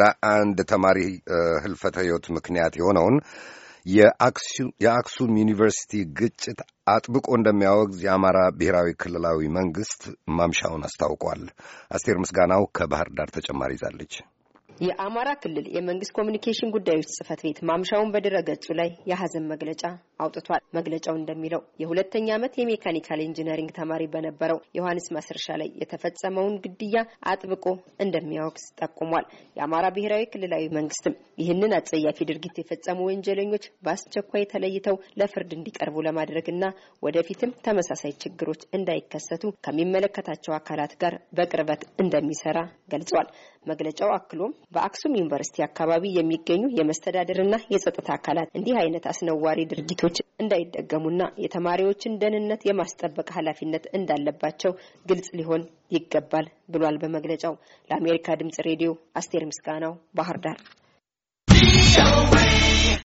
ለአንድ ተማሪ ህልፈተ ህይወት ምክንያት የሆነውን የአክሱም ዩኒቨርሲቲ ግጭት አጥብቆ እንደሚያወግዝ የአማራ ብሔራዊ ክልላዊ መንግስት ማምሻውን አስታውቋል። አስቴር ምስጋናው ከባህር ዳር ተጨማሪ ይዛለች። የአማራ ክልል የመንግስት ኮሚኒኬሽን ጉዳዮች ጽህፈት ቤት ማምሻውን በድረ ገጹ ላይ የሀዘን መግለጫ አውጥቷል። መግለጫው እንደሚለው የሁለተኛ ዓመት የሜካኒካል ኢንጂነሪንግ ተማሪ በነበረው ዮሐንስ ማስረሻ ላይ የተፈጸመውን ግድያ አጥብቆ እንደሚያወግዝ ጠቁሟል። የአማራ ብሔራዊ ክልላዊ መንግስትም ይህንን አጸያፊ ድርጊት የፈጸሙ ወንጀለኞች በአስቸኳይ ተለይተው ለፍርድ እንዲቀርቡ ለማድረግና ወደፊትም ተመሳሳይ ችግሮች እንዳይከሰቱ ከሚመለከታቸው አካላት ጋር በቅርበት እንደሚሰራ ገልጿል። መግለጫው አክሎም በአክሱም ዩኒቨርሲቲ አካባቢ የሚገኙ የመስተዳደርና የጸጥታ አካላት እንዲህ አይነት አስነዋሪ ድርጊቶች እንዳይደገሙና የተማሪዎችን ደህንነት የማስጠበቅ ኃላፊነት እንዳለባቸው ግልጽ ሊሆን ይገባል ብሏል በመግለጫው። ለአሜሪካ ድምጽ ሬዲዮ አስቴር ምስጋናው ባህር ዳር